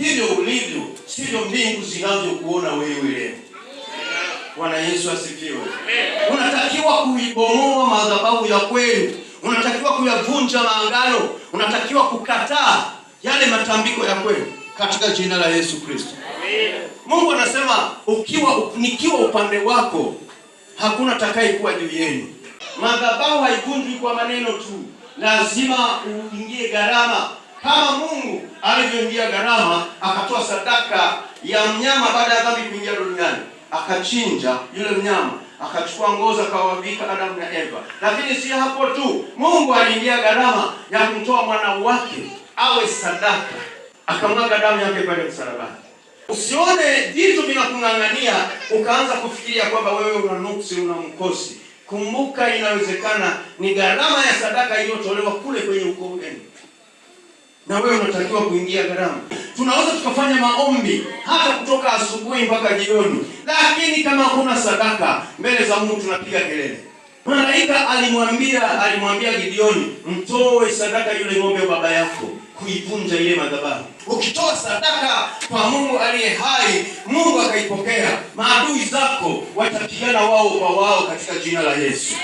hivyo ulivyo sivyo mbingu zinavyokuona wewe leo. Bwana Yesu asifiwe. Unatakiwa kuibomoa madhabahu ya kweli, unatakiwa kuyavunja maangano, unatakiwa kukataa yale matambiko ya kweli katika jina la Yesu Kristo. Mungu anasema ukiwa nikiwa upande wako hakuna atakayekuwa juu yenu. Madhabahu haivunjwi kwa maneno tu, lazima uingie gharama kama Mungu alivyoingia gharama akatoa sadaka ya mnyama baada ya dhambi kuingia duniani, akachinja yule mnyama, akachukua ngozi akawavika Adamu na Eva. Lakini si hapo tu, Mungu aliingia gharama ya kumtoa mwana wake awe sadaka, akamwaga damu yake pale msalabani. Usione vitu vinakung'ang'ania ukaanza kufikiria kwamba wewe una nuksi, una mkosi. Kumbuka, inawezekana ni gharama ya sadaka iliyotolewa kule kwenye ukoo wenu na wewe unatakiwa kuingia gharama. Tunaweza tukafanya maombi hata kutoka asubuhi mpaka jioni, lakini kama kuna sadaka mbele za Mungu tunapiga kelele. Malaika alimwambia alimwambia Gideoni, mtoe sadaka yule ng'ombe baba yako kuivunja ile madhabahu. Ukitoa sadaka kwa Mungu aliye hai, Mungu akaipokea, maadui zako watapigana wao kwa wao katika jina la Yesu.